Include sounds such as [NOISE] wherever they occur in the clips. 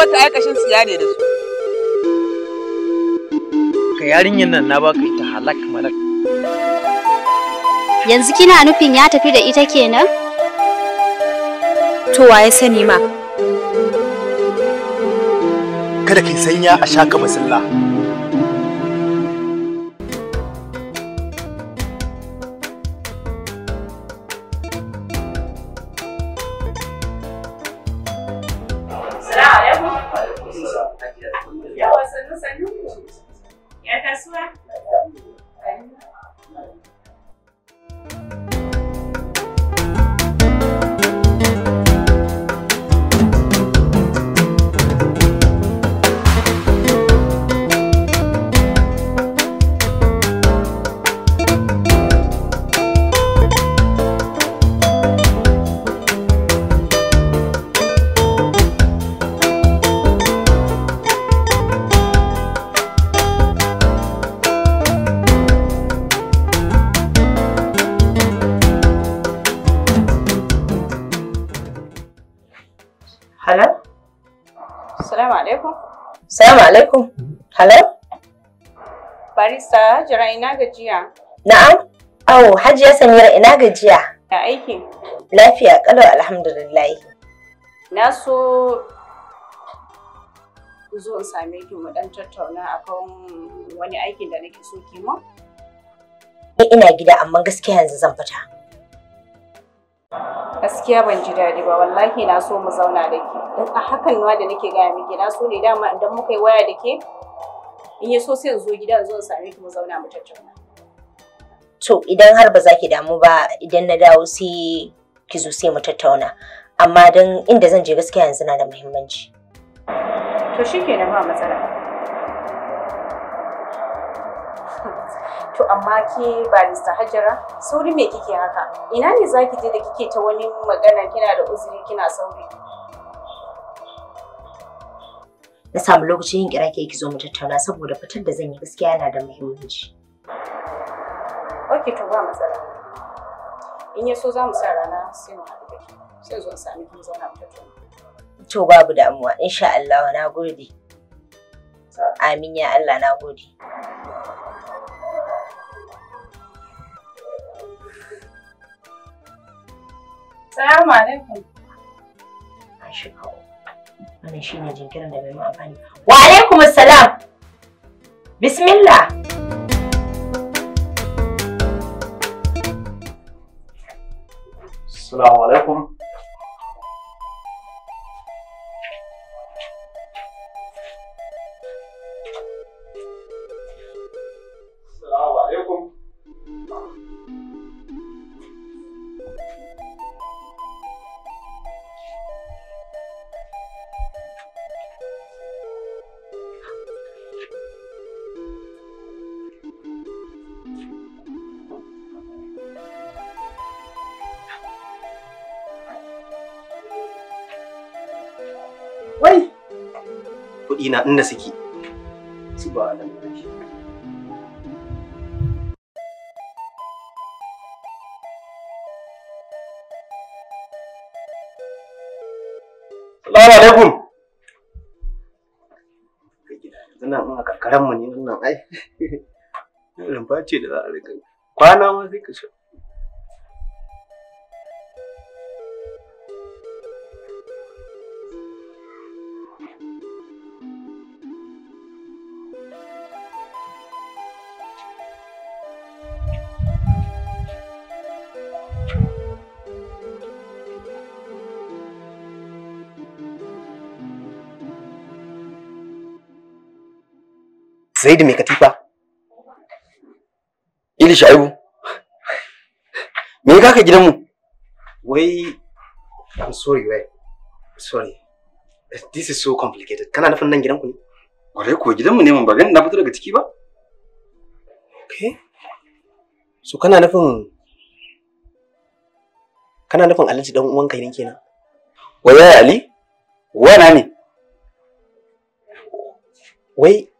wata aikashin siya ne da su ka yarinyar nan na baka ita halak malak yanzu kina nufin ya tafi da ita kenan to waye sani ma kada ki sanya a shaka masalla dançar juntos. E até suar. alaikum. Hello? Barista, jira ina gajiya. Na'am? Awo, Hajiya Samira ina gajiya. Ya aiki? Lafiya kalau alhamdulillah. Na so zo in same ki mu dan tattauna akan wani aikin da nake so ki mu. Ni ina gida amma gaskiya yanzu zan fita. Gaskiya ban ji dadi ba wallahi na so mu zauna da ki. a hakan ma da nake gaya miki na so ne dama idan muka yi waya da ke in ya so sai zo gida zo sami mu zauna mu tattauna to idan har ba za ki damu ba idan na dawo sai ki zo sai mu tattauna amma don inda zan je gaskiya yanzu na da muhimmanci to shikenan ba matsala to amma ke barista hajara sauri me kike haka ina ne zaki je da kike ta wani magana kina da uzuri kina sauri na samu lokacin yin kira ke zo mu tattauna saboda fitar da zan yi gaskiya yana da muhimmanci. Oke to ba matsala. In ya so za mu sa rana sai mu haɗu da Sai zo sami kuma zauna mu tattauna. To babu damuwa, insha Allah na gode. Amin ya Allah na gode. Assalamu alaikum. Ashe wannan shine jinkirin da bai mu amfani wa alaikum assalam bismillah assalamu alaikum na inda suke subhanallahi Salamu alaikum. Ina in a karkaran mu ne wannan ai. [LAUGHS] Rumfa ce da za a rika. Kwana ma sai ka Zaidi mai katifa. Ili Shaibu. Me kake gidan mu? Wai I'm sorry wai. Sorry. This is so complicated. Kana nufin nan gidan ku ne? Ware ko gidan mu ne mun ba gani na fito daga ciki ba? Okay. So kana nufin kana nufin Alhaji dan uwan kai ne kenan? Wai Ali? Wai na ne? Wai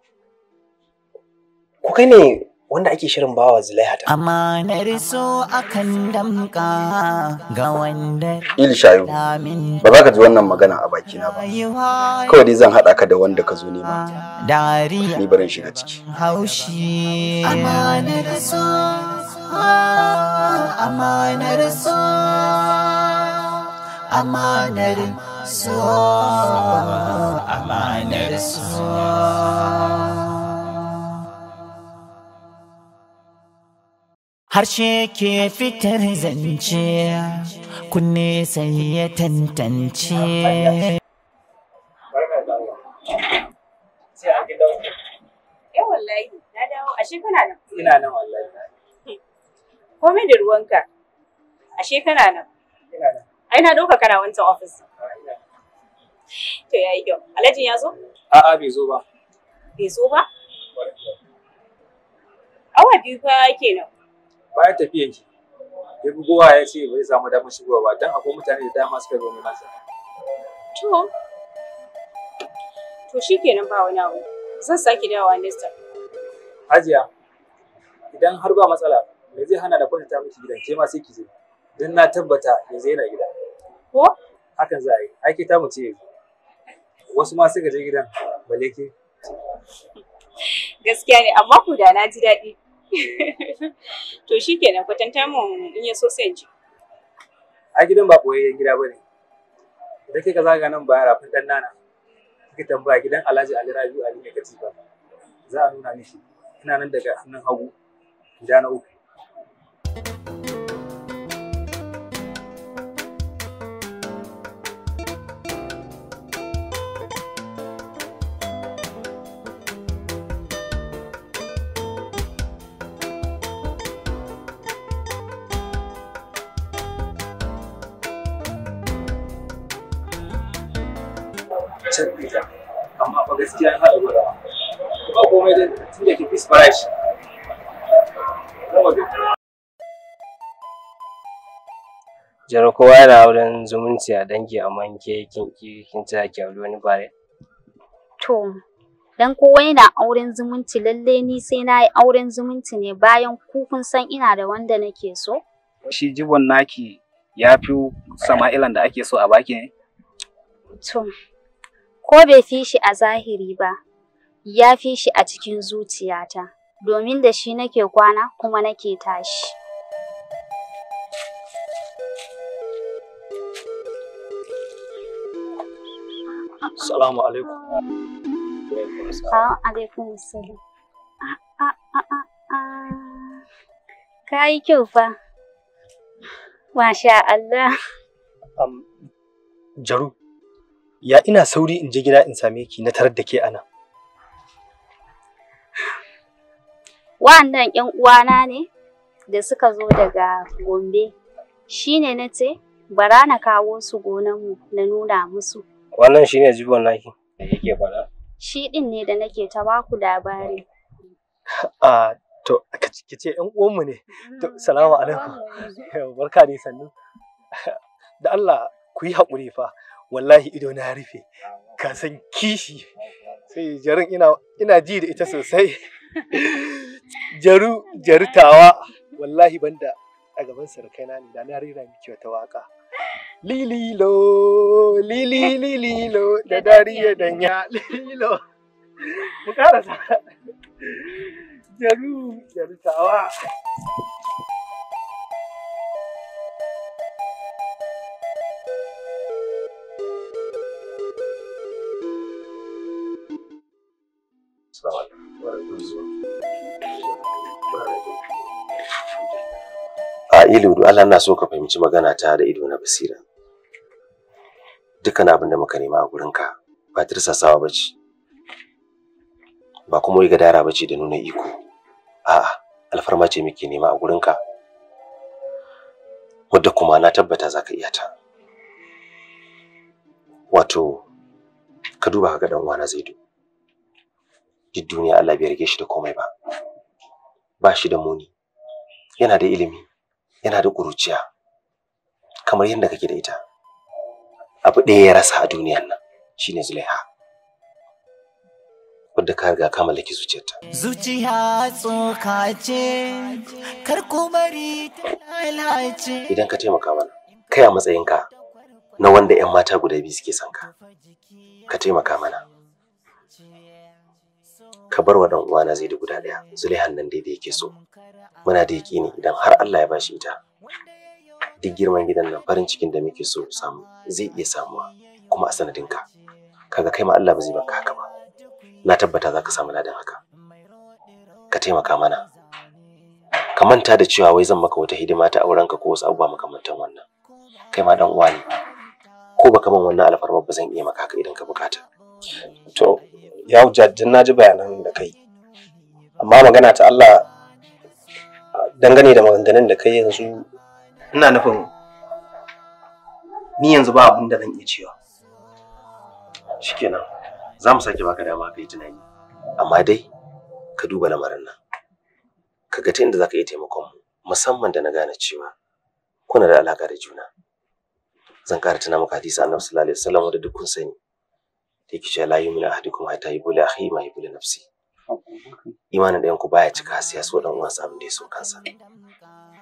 Ko kai ne wanda ake shirin bawa Zulaiha ta. Amma na riso akan damka ga wanda shayu ba za ka ji wannan magana a bakina ba. Kawai dai zan haɗa ka da wanda ka zo nema. Ni barin shiga ciki. Haushi. Amma ah, na riso. Amma na riso. Amma na riso. Amma na riso. harshe ke fitar zance kunne sai ya tantance eh, nan Komai da ruwanka, ashe kana nan. Ai na ɗauka kana wancan ofis. Ah, to ya yi kyau. Alhajin ya zo? A'a bai zo ba. Bai zo ba? Awa biyu fa kenan. bayan tafiyan shi ya fi gowa ya ce ba zai samu damar shigowa ba don akwai mutane da dama suka zo nasa. To, to shi kenan ba wani abu zan sake dawowa Nesta. Hajiya, idan har ba matsala me zai hana da kwanta miki gidan ke ma sai ki je don na tabbata zai yana gida. Ko? Hakan za a yi, aiki ta mu ce wasu ma suka je gidan balle ke. Gaskiya ne, amma ku da na ji daɗi [LAUGHS] to shi kenan kwatanta mu in ya so sai ji a gidan ba koyayyen gida bane da kai ka zaga nan ba rafin dan nana kika tambaya gidan Alhaji Ali Rabi'u Ali ne katifa za a nuna mishi ina nan daga hannun hagu gida na uku gaskiya jaro kowa yana auren zumunci a dangi amma ke kin ki kin ta ki aure wani bare to dan kowa yana auren zumunci lalle ni sai na yi auren zumunci ne bayan ku kun san ina da wanda nake so shi jibon naki ya fi sama'ilan da ake so a baki ne to ko bai fi shi a zahiri ba, ya fi shi a cikin zuciyata, domin da shi nake kwana kuma nake tashi. Salamu alaikum. Salamu alaikum Musulun. Ka yi kyau fa. Masha Allah. Jaru. ya ina sauri in je gida in same ki na tarar da ke ana. Wa'annan ‘yan uwana ne da suka zo daga Gombe, shi ne na ce, bara na kawo su mu na nuna musu. Wannan shine ne jibon naki da kike faɗa? Shi ɗin ne da nake ta baku labari. A [LAUGHS] ah, to, ka ce uwan mu ne, to, salamu alaikum, barka ne sannu. [LAUGHS] Da Allah ku yi haƙuri fa. wallahi ido na rufe ka san kishi sai jarin ina ina ji da ita sosai [LAUGHS] jaru jarutawa wallahi banda a gaban na ne da na rira miki wata waka lililo lili lililo da dariya danya lililo mu karasa jaru jarutawa Isma'ilu ludo Allah ina so ka fahimci magana ta da ido na basira. Dukkan abin da muka nema a ka ba sawa bace. Ba kuma wai gadara bace da nuna iko. A'a, alfarma ce muke nema a ka Wadda kuma na tabbata zaka iya ta. Wato, ka duba ka ga dan uwana Zaidu. Duk duniya Allah bai rage shi da komai ba. Ba shi da muni. Yana da ilimi. yana da kuruciya kamar yadda kake da ita abu ɗaya ya rasa a duniyan nan shine zulaiha wadda ka riga ka mallaki zuciyarta zuciya tsoka ce kar ku bari ta lalace idan ka taimaka mana kai a matsayinka na wanda 'yan mata guda biyu suke son ka ka taimaka mana ka bar wa dan uwana zai da guda daya zulaihan nan dai da yake so muna da ne idan har Allah ya bashi ita duk girman gidan nan farin cikin da muke so samu zai iya samuwa kuma a sanadin ka kaga kai ma Allah ba zai baka haka ba na tabbata za ka samu ladan haka ka taimaka mana ka manta da cewa wai zan maka wata hidima ta auren ka ko wasu abubuwa makamantan wannan kai ma dan uwa ne ko baka man wannan alfarmar ba zan iya maka haka idan ka bukata to ya hujja na ji bayanan amma magana ta Allah dangane da maganganun da kai yanzu ina nufin ni yanzu ba abin da zan iya cewa shikenan za mu sake baka dama kai tunani amma dai ka duba lamarin nan ka ga ta inda zaka iya taimakon mu musamman da na gane cewa kuna da alaka da juna zan ƙara tuna maka hadisi annabi sallallahu alaihi wasallam wanda duk kun sani yake cewa la yu'minu ahadukum hatta yubli akhi ma yubli nafsi imanin ɗayan ku baya cika har ya so dan uwansa abin da ya so kansa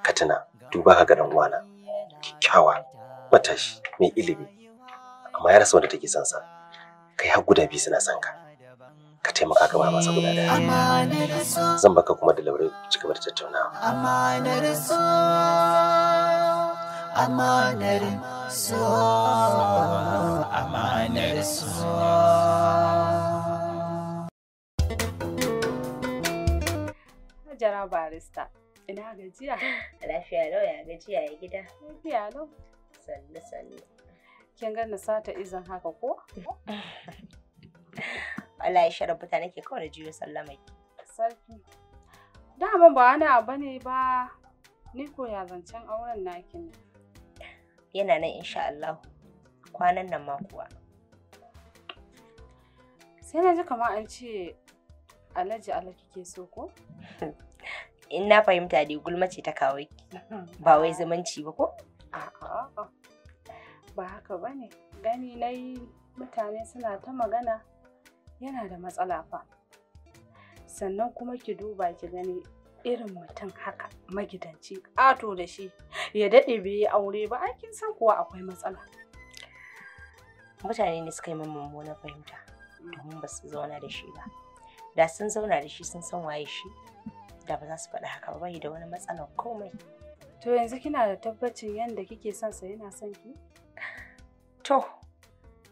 ka tuna duba ka ga dan uwana kyakkyawa matashi mai ilimi amma ya rasa wanda take son sa kai har guda biyu suna son ka ka taimaka ka masa guda daya zan baka kuma da labarai cika tattaunawa amanar so amanar so amanar so na barista. Ina gajiya? Lafiya lau ya gajiya ya gida. Lafiya lau. Sannu sannu. Kin ga sata izin haka ko? Allah ya sharafuta nake kawai da jiyo sallamai. Sarki. Dama ba wani abu ne ba ni ko ya zancen auren nakin. Yana nan insha Allah kwanan nan ma kuwa. Sai na ji kamar an ce Alhaji Allah kike so ko? [LAUGHS] in na fahimta dai gulma ce ta kawo ki [LAUGHS] ba wai zumunci ba ko ba haka ba ne gani na yi mutane suna ta magana yana da matsala fa sannan kuma ki duba ki gani irin mutum haka magidanci ƙato da shi ya daɗe bai yi aure ba kin san kuwa akwai matsala mutane ne suka yi min mummunar fahimta mm. domin ba su zauna da shi ba da sun zauna da shi sun san waye shi da ba za su faɗi haka ba bai da wani matsalar komai to yanzu kina da tabbacin yadda kike son sa yana son ki to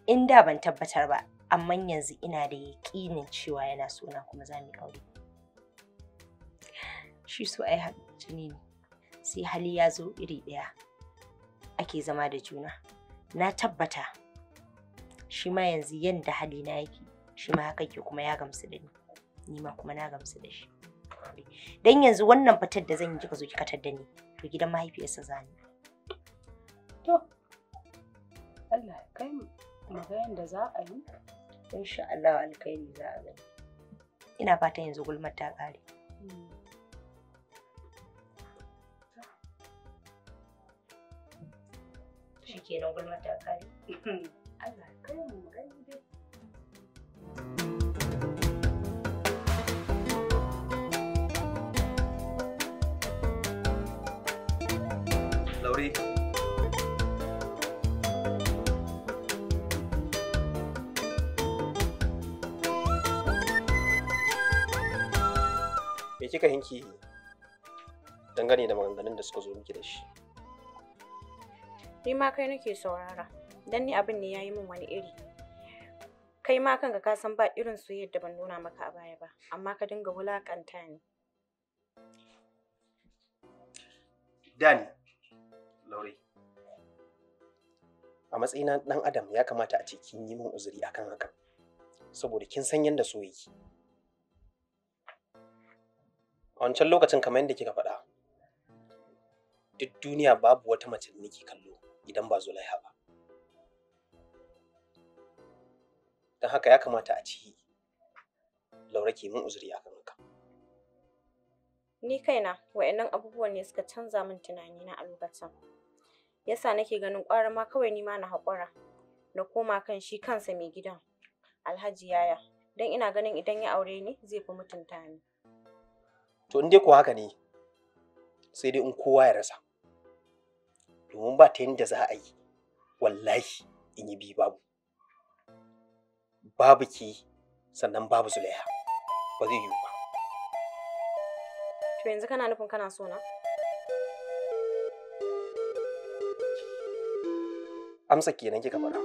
in da ban tabbatar ba amma yanzu ina da yaƙinin cewa yana suna kuma za mu aure shi so ai jini ne sai hali ya zo iri ɗaya ake zama da juna na tabbata shi ma yanzu yadda hali na yake shi ma haka ke kuma ya gamsu da ni ni ma kuma na gamsu da shi gobe dan yanzu wannan fitar da zan yi kika zo kika tar da ni to gidan mahaifiyarsa zani to Allah kai mu mu ga yanda za a yi insha Allah alkairi za a gani ina fata yanzu gulmar ta kare shi hmm. shikenan gulmar ta kare [LAUGHS] Allah kai mu mu gani aure me kika hinki dangane da maganganun da suka zo miki da shi ni ma kai nake saurara dan ni abin ne yayi min wani iri kai ma kanka ka san ba irin su yadda ban nuna maka a baya ba amma ka dinga wulakanta ni dani aure a matsayina ɗan adam ya kamata a ce kin yi min uzuri akan hakan saboda kin san yadda so yake a wancan lokacin kamar yadda kika faɗa duk duniya babu wata mace da nake kallo idan ba zulaiha ba don haka ya kamata a ci laura ke min uzuri akan haka ni kaina wa'annan abubuwan ne suka canza min tunanina a lokacin yasa nake ganin ƙwara ma kawai ni ma na haƙura na koma kan shi kansa mai gidan Alhaji Yaya don ina ganin idan ya aure ni zai fi mutunta ni. To in dai ko haka ne sai dai in kowa ya rasa domin ba ta yadda za a yi wallahi in yi bi babu babu ki sannan babu zulaiha ba zai yiwu ba. To yanzu kana nufin kana so na? amsa kenan kika faɗa.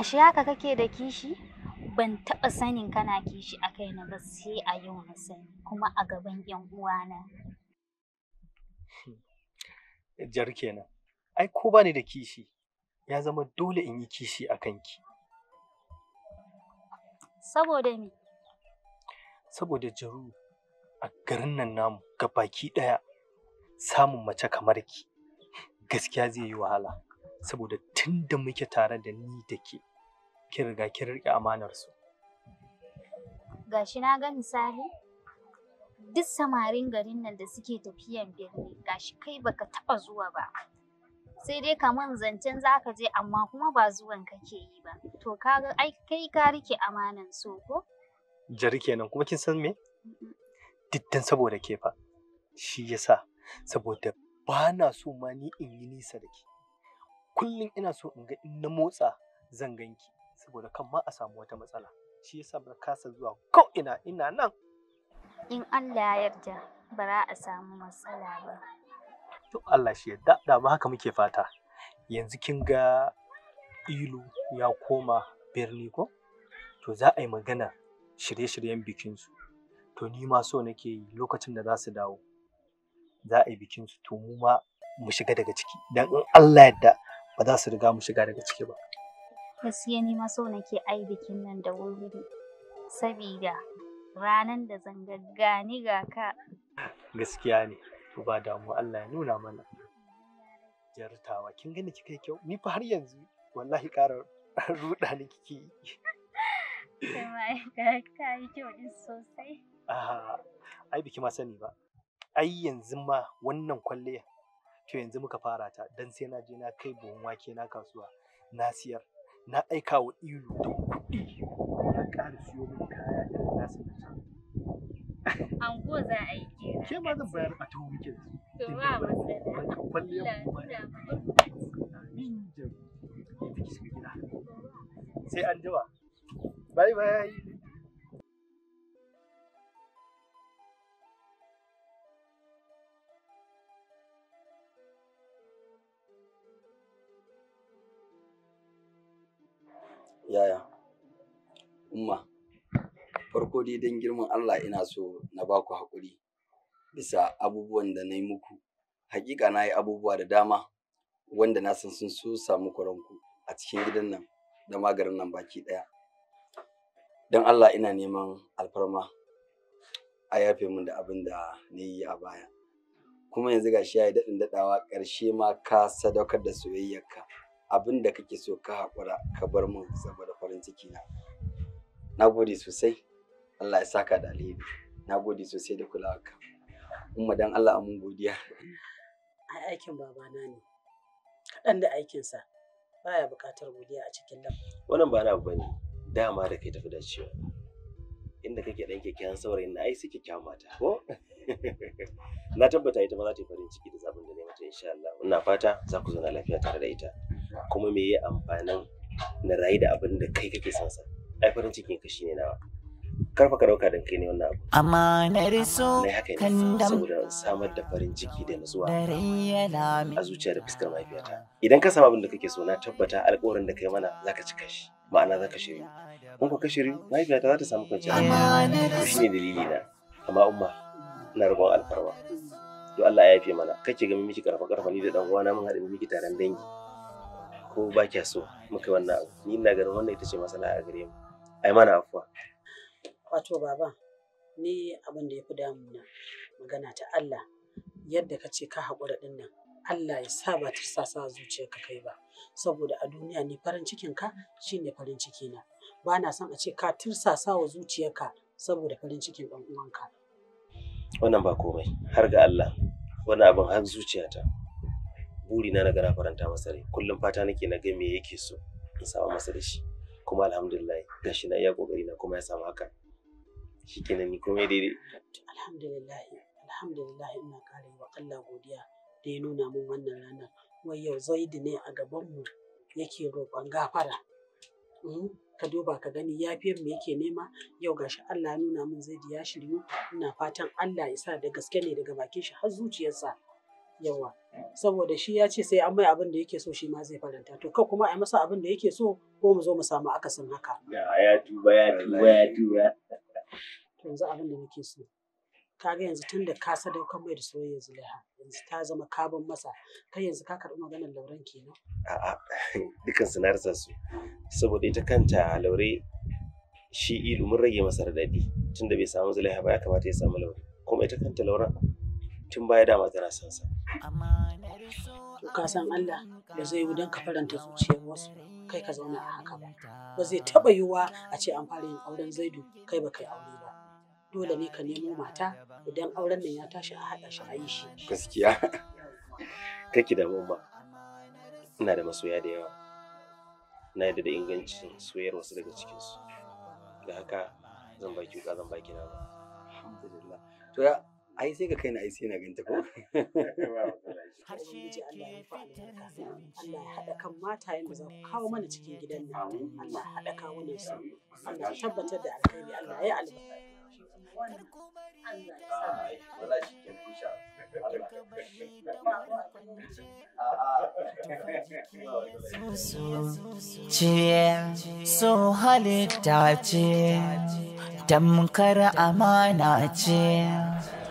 Ashe haka kake da kishi? ban taɓa sanin kana kishi a kaina ba sai a yau na sani kuma a gaban yan uwana. Jar kenan, ai ko ba ni da kishi ya zama dole in yi kishi a kanki. Saboda me? Saboda jaru a garin nan namu ga baki ɗaya samun mace kamar ki gaskiya zai yi wahala saboda tun da muke tare da ni da ke kin riga kin riƙe amanar su. Gashi na ga misali duk samarin garin nan da suke tafiyan birni gashi kai baka taɓa zuwa ba. Sai dai kaman zancen za ka je amma kuma ba zuwan kake yi ba. To ka ga ai kai ka rike amanan so ko? Jari kenan kuma kin san me? Diddan saboda ke fa. Shi yasa saboda ba na so ma ni in yi nisa da ke. Kullum ina so in ga in na motsa zan ganki saboda kan ma a samu wata matsala shi yasa ba kasa zuwa ko ina ina nan in Allah ya yarda ba za a samu matsala ba to Allah shi yarda da ba haka muke fata yanzu kin ga ilu ya koma birni ko to za a yi magana shirye-shiryen bikinsu to ni ma so nake yi lokacin da za su dawo za a yi bikinsu to mu ma mu shiga daga ciki dan in Allah yarda ba za su riga mu shiga daga ciki ba gaskiya ni ma so nake ai bikin nan da wuri sabida ranan da zan gaggani ga ka gaskiya ne to ba damu Allah ya nuna mana jartawa kin gani kika kyau ni fa har yanzu wallahi ƙara [LAUGHS] ruɗa ni kike yi ka yi kyau din sosai ai biki ma sani ba ai yanzu ma wannan kwalliya to yanzu muka fara ta dan sai na je na kai buhun wake na kasuwa na siyar na aika wa ilu da kuɗi na ƙara siyo min kaya irin nasu na can. ko za a yi Ke ma zan bayar a tun wikin. Sai an Bye bye. Yaya? Umma, farko dai don girman Allah ina so na ba ku haƙuri bisa abubuwan da na yi muku. Hakika na yi abubuwa da dama wanda na san sun so samu ranku a cikin gidan nan da maganin nan baki ɗaya. Don Allah ina neman alfarma a yafe min da abin da na yi a baya. Kuma yanzu ga shi ya yi daɗin daɗawa ƙarshe ma ka sadaukar da soyayyarka. abin da kake so ka haƙura ka bar min saboda farin ciki na na gode sosai Allah ya saka da alheri na gode sosai da kulawarka umma dan Allah amin godiya ai aikin babana ne kaɗan da aikinsa baya buƙatar godiya a cikin nan wannan ba na bane dama da kai tafi dacewa inda kake dan kyakkyawan saurayin na ai sai kyakkyawan mata ko [LAUGHS] na tabbata ita ma za ta yi farin ciki da zabin da ne mata insha Allah ina fata za ku zauna lafiya tare da ita kuma me ya amfanin na rayu da abin da kai kake son sa ai farin cikin ka shine nawa karfa ka dauka dan kai ne wannan abu amma na riso kan dam saboda samar da farin ciki da nutsuwa a zuciya da fuskar mahaifiyata idan ka samu abin da kake so na tabbata alƙawarin da kai mana zaka cika shi ma'ana zaka shiri in ko ka shiryu mahaifiyata za ta samu kwanciyar hankali shine dalili na amma umma ina rubon alfarma to Allah ya yafe mana kake ga miki karfa karfa ni da dan uwana mun haɗu miki taron dangi ko ba kya so muka wannan abu ni ina ganin wannan ita ce masana a gare mu ai mana afuwa wato baba ni abin da ya fi damuna magana ta Allah yadda ka ce ka haƙura ɗin nan Allah ya sa ba ta sasa ka kai ba saboda a duniya ni farin cikin ka shine farin ciki na ba na son a ce ka tirsasa wa zuciyarka saboda farin cikin ɗan uwanka wannan ba komai har ga Allah wannan abin har zuciyata burina na gara faranta masa rai kullum fata nake na ga me yake so in samu masa da shi kuma alhamdulillah gashi na iya kokari na kuma ya samu haka shikenan ni komai daidai alhamdulillah alhamdulillah ina kare wa Allah godiya da ya nuna mun wannan rana wai yau zaidi ne a gaban mu yake roƙon gafara hmm, ka duba ka gani yafiyar mu yake nema yau gashi Allah ya nuna mun zaidi ya shirye ina fatan Allah ya sa da gaske ne daga bakin shi har zuciyarsa yawa saboda shi ya ce sai an mai abin da yake so shi ma zai faranta to kai kuma a masa abin da yake so ko mu zo mu samu akasin haka ya tuba ya tuba ya tuba yanzu abin da muke so kaga yanzu tun da ka sadaukar mai da soyayya zulaiha yanzu ta zama kabon masa kai yanzu ka karɓi maganar lauren kenan a'a [LAUGHS] dukan su na rasa su saboda ita kanta laure shi ilu mun rage masa radadi tunda bai samu zulaiha ba ya kamata ya samu laure kuma ita kanta lauren tun baya dama tana san sa ka san Allah da zai yi don ka faranta zuciyar wasu kai ka zauna a haka ba ba zai taɓa yiwuwa a ce an fara yin auren zaidu kai ba kai aure ba dole ne ka nemo mata idan auren nan ya tashi a haɗa shi a yi shi gaskiya [LAUGHS] kake da mama, ina da masoya da yawa na yadda da ingancin soyayyar wasu daga cikinsu da haka zan baki ka zan baki na ba alhamdulillah to ya ai sai ka kai na ai sai na ganta ko [LAUGHS] harshe ke fitar Allah ya kan mata yanda za kawo mana cikin gidan nan Allah ya haɗa kawo ne su Allah tabbatar da alheri Allah ya so halitta ce tamkar amana ce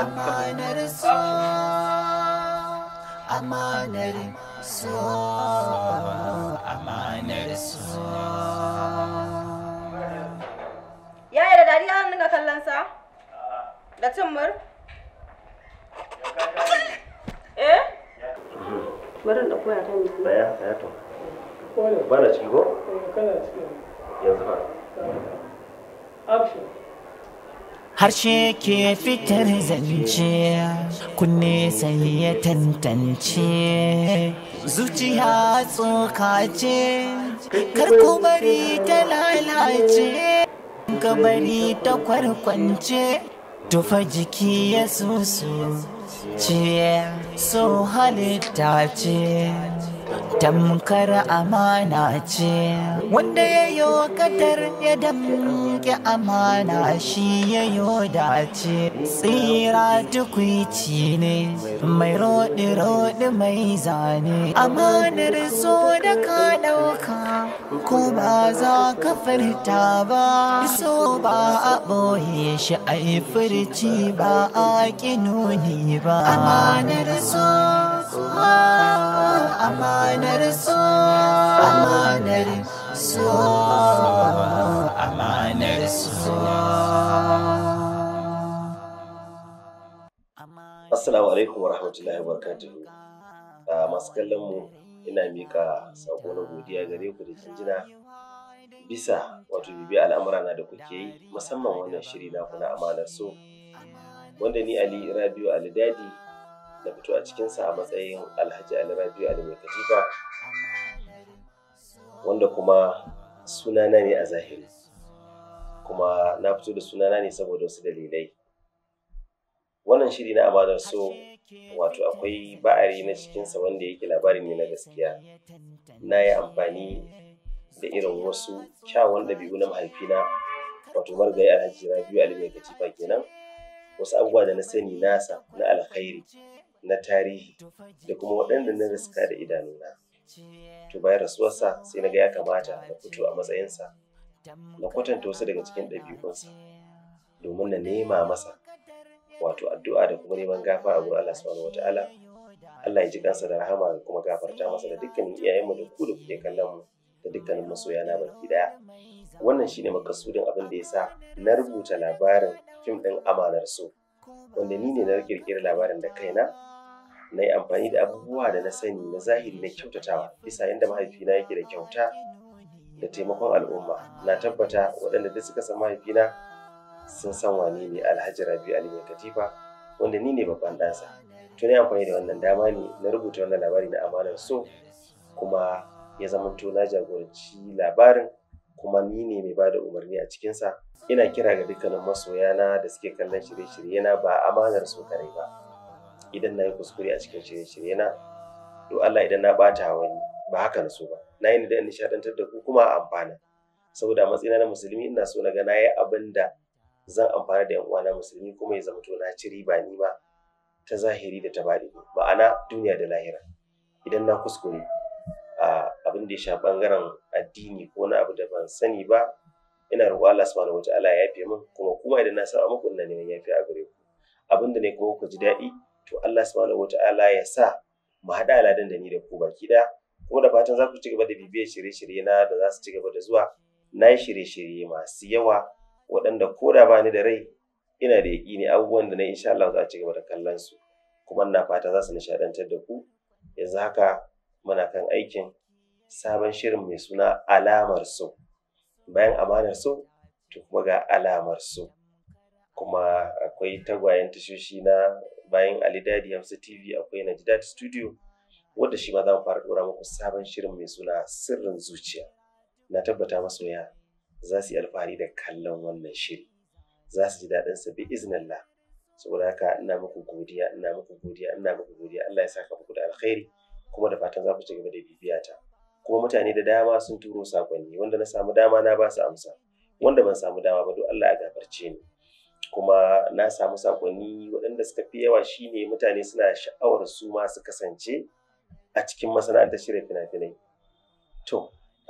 amanar so amanar so amanar so yaya da dariya an dinga kallon da cin eh bari da koya ta miki to bana ciki ko eh, kana ciki yanzu action harshe ke fitar zance kunne sai ya tantance zuciya tsoka ce kar ku bari ta lalace ka bari ta kwarkwance tufa jiki ya susu ce so halitta ce tamkar amana ce wanda ya yi kadar ya damke amana shi ya yi dace tsira tukwici ne mai roɗi-roɗi mai zane amanar so da ka ɗauka ko ba za ka furta ba so ba a ɓoye shi a yi furci ba a nuni ba amanar so amanar so amanar so amanar so Assalamu alaikum wa rahmatullahi wa barakatuhu. Ah, masu kallon mu ina mika sako na godiya gare ku da jinjina bisa wato bibi al'amura na da kuke yi musamman wannan shiri na kuna amanar so wanda ni ali rabiu Dadi na fito a cikinsa a matsayin alhaji ali rabiu ali mai katifa wanda kuma sunana ne a zahiri kuma na fito da sunana ne saboda wasu dalilai wannan shiri na amanar so wato akwai ba'ari na cikinsa wanda yake labarin ne na gaskiya na yi amfani da irin wasu kyawun ɗabi'u na mahaifina wato margayi alhaji rabiu ali mai katifa kenan wasu abubuwa da na sani nasa na alkhairi na tarihi da kuma waɗanda na riska da idanuna to bayan rasuwarsa sai na ga ya kamata na fito a matsayinsa na kwatanta wasu daga cikin ɗabi'unsa domin na nema masa wato addu'a da kuma neman gafara a gurin Allah subhanahu wataala Allah ya ji kansa da rahama da kuma gafarta masa da dukkanin iyayenmu da ku da kuke kallon mu da dukkanin masoya na baki daya wannan shine makasudin abin da yasa na rubuta labarin fim din amanar so wanda ni ne na kirkira labarin da kaina na yi amfani da abubuwa da na sani na zahiri na kyautatawa bisa yadda mahaifina yake da kyauta da taimakon al'umma na tabbata waɗanda duk suka san mahaifina sun san wani ne alhaji rabi alimin katifa wanda ni ne babban ɗansa tuni amfani da wannan dama ne na rubuta wannan labari na amanar so kuma ya zamanto na jagoranci labarin kuma ni ne mai bada umarni a cikinsa ina kira ga dukkanin na da suke kallon shirye-shirye na ba amanar so kare ba idan na yi kuskure a cikin shirye-shirye na to Allah idan na bata wani ba haka na so ba na yi ni da nishadantar da ku kuma a amfana saboda matsayina na musulmi ina so na ga na yi abin da zan amfana da 'yan uwana musulmi kuma ya zamto na ci riba ni ma ta zahiri da ta baɗi ma'ana duniya da lahira idan na kuskure a abin da ya sha bangaren addini ko na abu da ban sani ba ina roƙo Allah subhanahu wataala ya yafe min kuma kuma idan na saba muku ina neman yafe a gare ku abin da ne kuma ku ji daɗi to Allah subhanahu wataala ya sa mu haɗa aladan da ni da ku baki ɗaya kuma da fatan za ku ci gaba da bibiyar shirye-shirye na da za su ci gaba da zuwa na yi shirye-shirye masu yawa waɗanda ko da ba ni da rai ina da yaƙini abubuwan da na insha Allah za a ci gaba da kallon su kuma ina fata za su nishaɗantar da ku yanzu haka muna kan aikin sabon shirin mai suna alamar so bayan amanar so to kuma ga alamar so kuma akwai tagwayen tashoshi na bayan Ali Dadi Hamsa TV akwai jidat Studio wadda shi ma za mu fara ɗora muku sabon shirin mai suna sirrin zuciya na tabbata masoya za su yi alfahari da kallon wannan shiri za su ji daɗin sa bi iznillah saboda haka ina muku godiya ina muku godiya ina muku godiya Allah ya saka muku da alkhairi kuma da fatan za ku ci gaba da bibiyata kuma mutane da dama sun turo sakonni wanda na samu dama na ba su amsa wanda ban samu dama ba don Allah ya gafarce ni kuma na samu sakonni waɗanda suka fi yawa shine mutane suna sha'awar su ma su kasance a cikin masana'antar shirin fina-finai to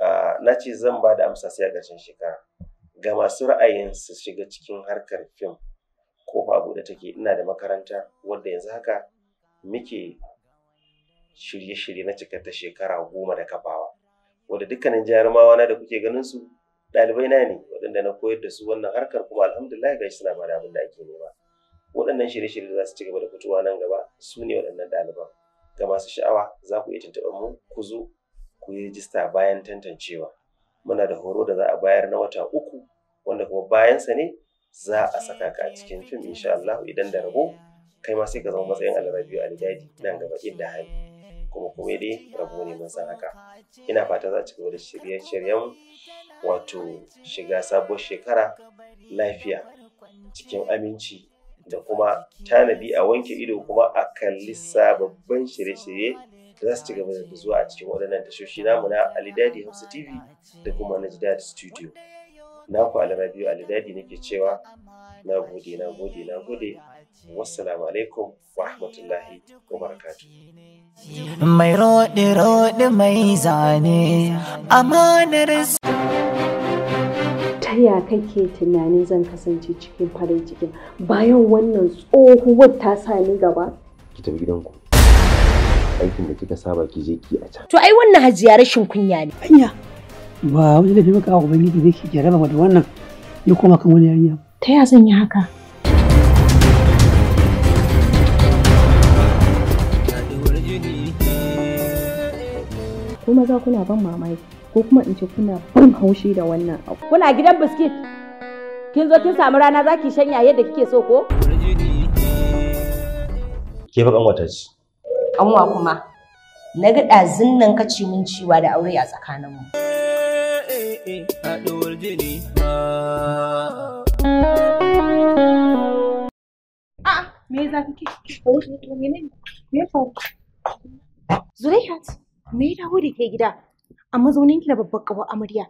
Ah, na ce zan ba da amsa sai a ƙarshen shekara ga masu ra'ayin su shiga cikin harkar fim kofa buɗe take ina da makaranta wadda yanzu haka muke shirye-shirye na cikar ta shekara goma da kafawa wadda dukkanin jarumawa na da kuke ganin su ɗalibai na ne waɗanda na koyar da su wannan harkar kuma alhamdulillah gashi suna ba da abin da ake nema waɗannan shirye-shirye za su ci gaba da fitowa nan gaba su ne waɗannan ɗaliban ga masu sha'awa za ku iya tuntuɓar mu ku zo ku yi rijista bayan tantancewa muna da horo da za a bayar na wata uku wanda kuma bayansa ne za a saka ka a cikin fim insha Allah idan da rabo kai ma sai ka zama matsayin alrabi aljadi nan gaba inda hali kuma kuma dai rabo ne mun san haka ina fata za a ci da shirye-shiryen wato shiga sabuwar shekara lafiya cikin aminci da kuma tanadi a wanke ido kuma a kalli sababbin shirye-shirye za su ci gaba da zuwa a cikin waɗannan tashoshi namu na Alidadi Hausa TV da kuma na jidad Studio. Naku Alrabiu Alidadi nake cewa na gode na gode na gode wassalamu alaikum wa rahmatullahi wa barakatu. Mai roɗe roɗe mai zane amanar ta ya kake tunanin zan kasance cikin farin cikin bayan wannan tsohuwar ta sa ni gaba? Ki tafi gidanku. aikin da kika saba ki je ki a can. To ai wannan hajiya rashin kunya ne. Hanya ba wani da maka abu ubangiji ne ki jaraba da wannan ya koma kan wani yarinya. Ta ya zan yi haka? Ko maza kuna ban mamaki ko kuma in ce kuna ban haushi da wannan abu. Kuna gidan biskit? Kin zo kin samu rana za ki shanya yadda kike so ko? Ke kan wata ce. kanwa kuma na ga ɗazin nan ka ci min ciwa da aure a tsakaninmu. Me za Zulaihat, me ya dawo da ke gida a mazauninki da babbar kawo amarya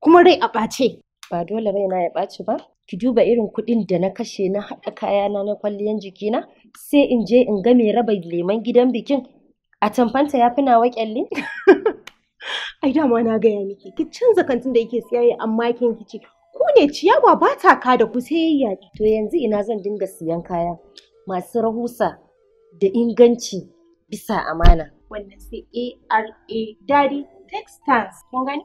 kuma rai a ɓace. Ba dole raina ya ɓace ba, ki duba irin kuɗin da na kashe na haɗa kayana na kwalliyan jikina sai in je in ga mai raba leman gidan bikin a tamfanta ya fi nawa kyalle [LAUGHS] ai dama na gaya miki ki canza kantin da yake siyayya amma kin kici ku ne ciyawa ba ta ka da ku sai to yanzu ina zan dinga siyan kaya masu rahusa da inganci bisa amana wannan sai ARA Daddy Textiles kun gani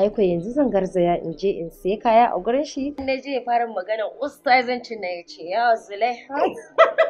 aiko yanzu zan garzaya in je in sai kaya a gurin shi na je fara magana ustazancin na ya ce yawa zule [LAUGHS]